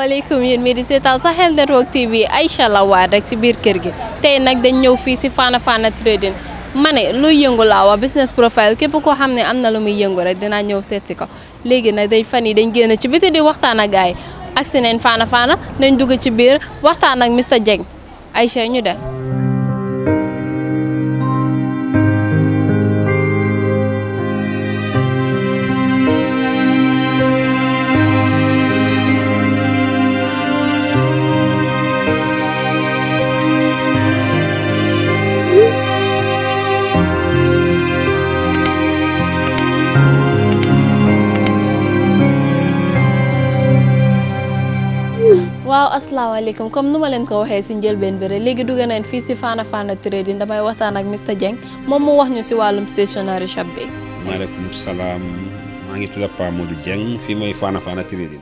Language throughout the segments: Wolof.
alaykum yéen médiseetal Sahel Network TV Aïcha la waa rek ci biir kër gi tey nag dañ ñëw fii ci Fana Fana Trading ma ne luy yëngu laa wax business profile képp koo xam ne am na lu muy yëngu rek dinaa ñëw seeti ko léegi nag day fan yi dañ génn ci biti di waxtaan a gaay yi agsi faana faana nañ dugg ci biir waxtaan ak Mr jeg ay ñu dem asalaamaaleykum comme nu ma leen ko waxe ci ndjel ben rek legui dugg nañ fi ci Fana Fana Trading damay waxtaan ak Mr djeng mom mu wax ñu ci walum stationery shop bi. maaleykum salaam ma ngi tudd Pa Modou djeng fi may Fana Fana Trading.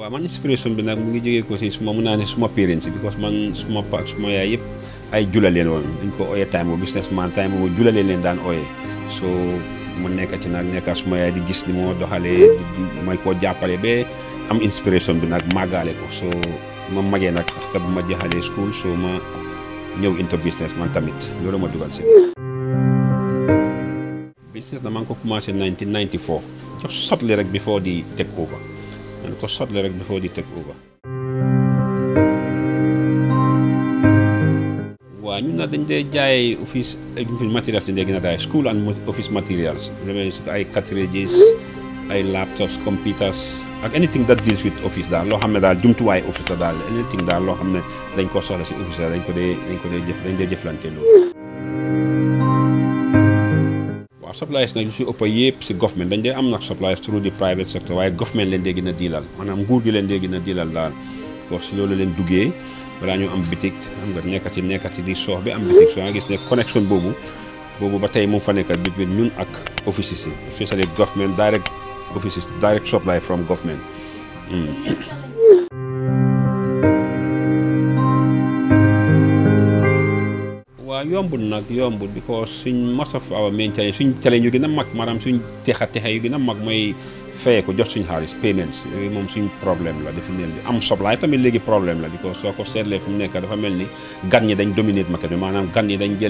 wa man inspiration bi nak mu ngi jógee ko ci suma mun suma parents because man suma pa ak suma yaay yëpp ay jula leen woon dañ ko oyé time bu man time bu jula leen dan oyé so. mu nekk ci nag nekka suma yaay di gis ni moo doxalee may koo jàppale ba am inspiration bi nag màggaale ko so ma magee nag te bu ma jeexalee school so ma ñëw into business man tamit loolu ma dugal si business na maa ngi ko commencé 1994 jox sotle rek before di take over man ko sotle rek before di take over na dañ dee jaay office materials dañ dee gën a jaay school and office materials demee si ay cartridges ay laptops computers ak anything that deals with office daal loo xam ne daal jumtuwaay office la daal anything daal loo xam ne dañ ko soxla si office daal dañ ko dee dañ ko dee jëf dañ dee jëflante loolu waaw supplies nag lu si ëpp yëpp si government dañ dee am nag supplies through the private sector waaye government leen dee gën a diilal maanaam nguur gi leen dee gën a daal ko si loolu leen duggee balaa ñu am bitik xam nga nekkati nekkati di soox bi am gis ne connexion boobu boobu ba tey mu fa ñun ak offices yi especially government direct offices direct supply from government hmm. waaw yombul nag yombul because suñ most of our main suñ challenge yu gën a mag maanaam suñ texa texa yu gën mag mooy fayee ko jot suñu xaalis payment yooyu moom suñu problème la dafa mel ni am soblaay tamit léegi problème la di ko soo ko seetlee fi mu nekk dafa mel ni gan ñi dañ dominer marché bi maanaam gan ñi yi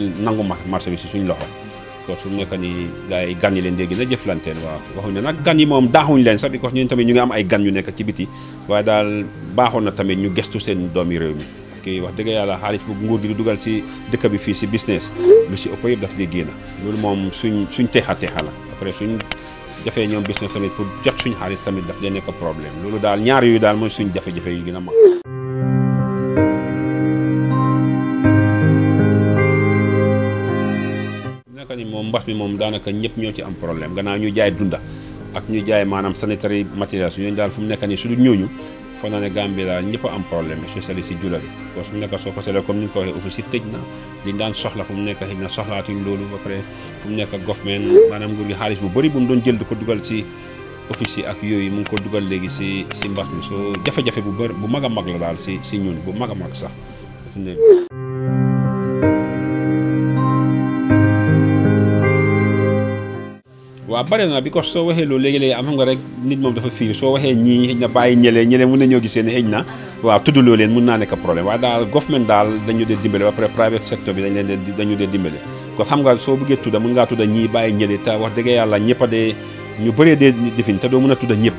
leen léegi na jëflanteel waaw waxuñ ne nag gan yi moom daaxuñ leen sax di ko ñun tamit ñu ngi am ay gan yu nekk ci biti waaye daal baaxoon na tamit ñu gestu seen doomi réew mi parce wax dëgg yàlla xaalis bu nguur gi di dugal si dëkk bi fii si business lu si ëpp yëpp daf di génn loolu moom suñ suñ teexa teexa jafe ñoom business tamit pour jot suñu xaalis tamit daf dee nekk problème loolu daal ñaar yooyu daal mooy suñu jafe-jafe yu gën a mag. moom mbas bi moom daanaka ñëpp ñoo ci am problème gannaaw ñu jaay dunda ak ñu jaay maanaam sanitary materials yooyu daal fu mu nekk nii su dul ñooñu. foog naa ne Gambie daal ñëpp am problème spécialiste si jula bi parce que ñu nekk soo ko seetlee comme ni nga ko waxee aussi tëj na liñ daan soxla fu mu nekk xëy na soxlaatuñ loolu ba pare fu mu nekk government maanaam nguur gi xaalis bu bëri bu mu doon jël di ko dugal si office yi ak yooyu mu ngi ko dugal léegi si si mbas mi soo jafe-jafe bu bër bu mag a mag la daal si si ñun bu mag a mag sax. waaw bare na because soo waxee loolu léegi-léegi am xam nga rek nit moom dafa fiir soo waxee ñii xëj na bàyyi ñëlee ñëlee mun nañoo gisee ne xëj na waaw tuddloo leen mun naa nekk problème waaye daal government daal dañu dee dimbale ba pare private sector bi dañ leen de dañu dee dimbale kon xam nga soo bëggee tudda mun ngaa tudda ñii bàyyi ñëlee te wax dëgg yàlla ñëpp a dee ñu bëree dee defin te doo mun a tudda ñëpp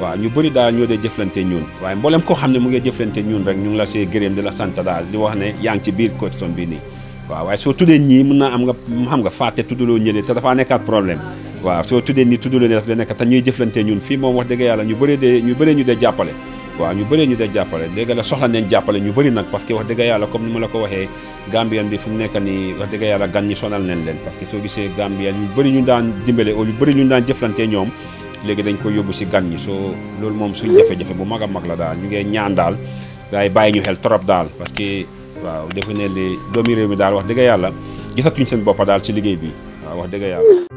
waaw ñu bëri daal ñoo dee jëflante ñun waaye mboolem koo xam ne mu ngi jëflante ñun rek ñu ngi la see gërëm ne yaa ngi ci biir question bi nii waaw waaye soo tuddee ñii mun naa am nga xam nga fàtte tuddaloo ñëlee te dafaa nekkaat problème waaw soo tuddee ni tudd la ne daf leen nekk te ñuy jëflantee ñun fii moom wax dëgg yàlla ñu bëree de ñu bëree ñu dee jàppale waaw ñu bëree ñu dee jàppale dégg la soxla neen jàppale ñu bëri nag parce que wax dëgg yàlla comme ni ma la ko waxee Gambien nekk nii wax yàlla gan ñi sonal neen leen parce que soo gisee Gambien ñu bëri ñu daan dimbale au bëri ñu daan jëflantee ñoom léegi dañ ko yóbbu si gan ñi soo loolu moom suñ jafe-jafe bu mag a mag la daal ñu ngee ñaan daal gars yi ñu xel trop daal parce que waaw defe ne doomi réew mi daal wax dëgg yàlla gisatuñ seen bopp daal si liggéey bi waaw wax dëgg yàlla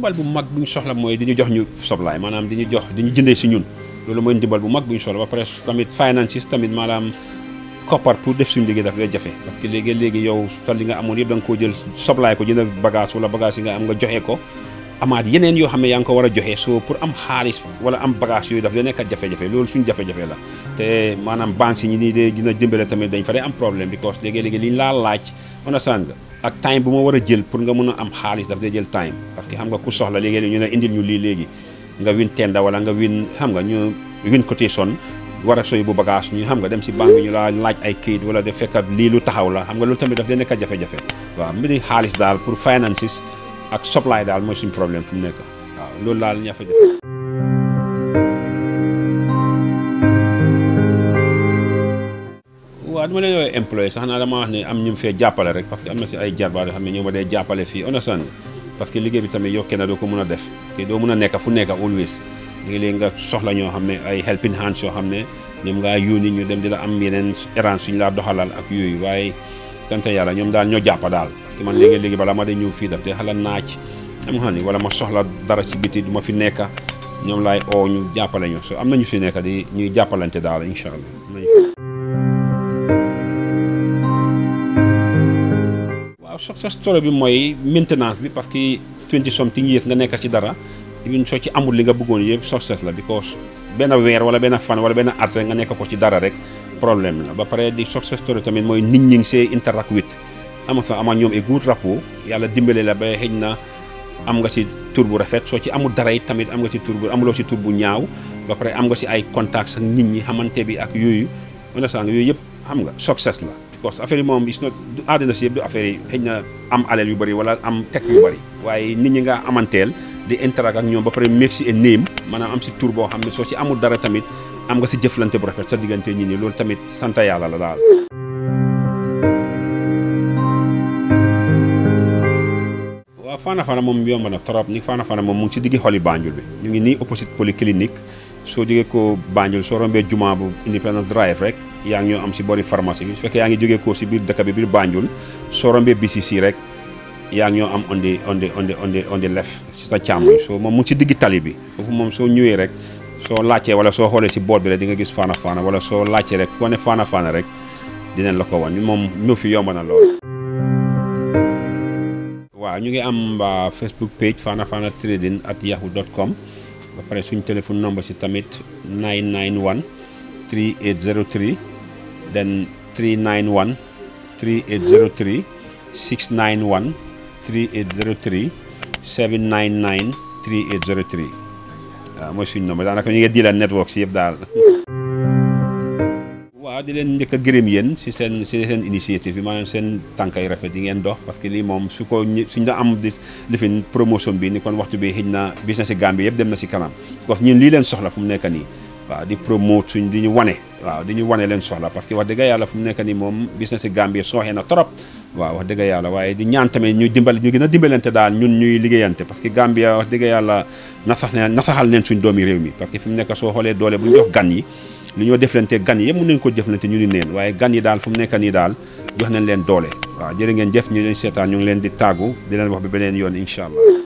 ndimbal bu mag bu ñu soxla mooy di ñu jox ñu soblaay maanaam di ñu jox di ñu jëndee si ñun loolu mooy ndimbal bu mag bu ñu soxla ba pare tamit finances tamit maanaam koppar pour def suñu liggéey daf lay jafe parce que léegi léegi yow sa nga amoon yëpp da nga jël soblaay ko jënd bagage wala bagage yi nga am nga joxe ko amaat yeneen yoo xam ne yaa ngi ko war a joxe soo pour am xaalis wala am bagage yooyu daf lay nekk jafe-jafe loolu suñu jafe-jafe la te maanaam banques yi ñi nii dee dina dimbale tamit dañ fa dee am problème because léegi léegi liñ laa laaj on a ak time bu ma war a jël pour nga mën a am xaalis daf day jël time parce que xam nga ku soxla léegi ñu ne indil ñu lii léegi nga win tenda wala nga win xam nga ñu win cotation war a soy bu bagage ñu xam nga dem si banque bi ñu laa laaj ay kayit wala de fekk lii lu taxaw la xam nga loolu tamit daf day nekk jafe-jafe waaw mbiri xaalis daal pour finances ak supply daal mooy suñu problème fu mu nekk waaw loolu daal jafe-jafe ma leen woowee employé sax naa dama wax ne am ñu fee jàppale rek parce que am na si ay jarbaar yoo xam ne ñoo ma dee jàppale fii understand parce que liggéey bi tamit yokkee na doo ko mun a def parce que doo mun a nekk fu nekk xam ne ñoom ngaa yónni dem di la am yeneen errand suñu laa doxalal ak yooyu waaye sant yàlla ñoom daal ñoo jàpp daal parce que man léegi bala ma ñëw fii daf te xala naaj am nga xam ne dara ci biti du fi nekk ñoom laay oo ñu jàppale ñu so am ñu fi nekk di ñuy jàppalante daal incha allah success story bi mooy maintenance bi parce que twenty something years nga nekk ci dara even soo ci amul li nga bëggoon yëpp success la because benn weer wala benn fan wala benn at rek nga nekk ko ci dara rek problème la ba pare di success story tamit mooy nit ñi ngi see interact with ama sax ama ñoom a good rapport yàlla dimbale la ba xëj na am nga ci tur bu rafet soo ci amul dara it tamit am nga ci tur bu amuloo si tour bu ñaaw ba pare am nga si ay contact ak nit ñi xamante bi ak yooyu on yooyu yëpp xam nga success la course affaire yi moom is not àddina si yëpp du affaire yi xëy na am alal yu bari wala am teg yu bëri waaye nit ñi nga amanteel di interact ak ñoom ba pare make si a name maanaam am si tour boo xam ne soo si amul dara tamit am nga si jëflante bu rafet sa diggante nit ñi loolu tamit sant yàlla la daal waaw Fana Fana moom yomb na trop ni Fana Fana moom mu ngi si diggi xoli Banjul bi ñu ngi nii opposite polyclinique soo jógee ko Banjul soo rombee juma bu Independence rek yaa ñoo am si bori pharmacie bi su fekkee yaa ngi jógee ko si biir dëkk bi biir Banjul soo rombee BCC rek yaa ngi am on the on the on the on the on the left si sa càmmoñ hmm. soo moom mu ci si digg tali bi foofu moom soo ñëwee rek soo laajtee wala soo xoolee si boor bi rek di nga gis faana faana wala soo laajtee rek ku ne faana faana rek dinañ la ko wan moom ñëw fi yomb na lool. waaw ñu ngi am ah, Facebook page fana-fana trading at yahoo dot com ba pare suñu téléphone number si tamit 991. 3803 then 391 3803 691 3803 799 3803 waaw mooy suñu nombre daanaka ñu ngi di la network si yëpp daal. waaw di leen njëkk a gërëm yéen si seen si seen initiative bi maanaam seen tànkay rafet yi ngeen dox parce que lii moom su ko suñ la am di lifin promotion bi ni kon waxtu bi xëj na business si Gambie yëpp dem na si kanam parce que lii leen soxla fu mu nekk nii. waaw di promote suñ di ñu wane waaw di ñu wane leen soxla parce que wax dëgg yàlla fu mu nekk nii moom business si Gambie sooxee na trop waaw wax dëgg yàlla waaye di ñaan tamit ñu dimbal ñu gën a dimbalante daal ñun ñuy liggéeyante parce que Gambie wax dëgg yàlla nasax ne nasaxal neen suñ doomi réew mi parce que fi mu nekk soo xoolee doole bu ñu jox gan yi li ñoo deflante gan yi yëpp ko deflante ñu ni waaye gan yi daal fu mu nekk nii daal jox nañ leen doole waaw jërë ngeen jëf ñu leen seetaan ñu ngi leen di tàggu di leen wax ba beneen incha allah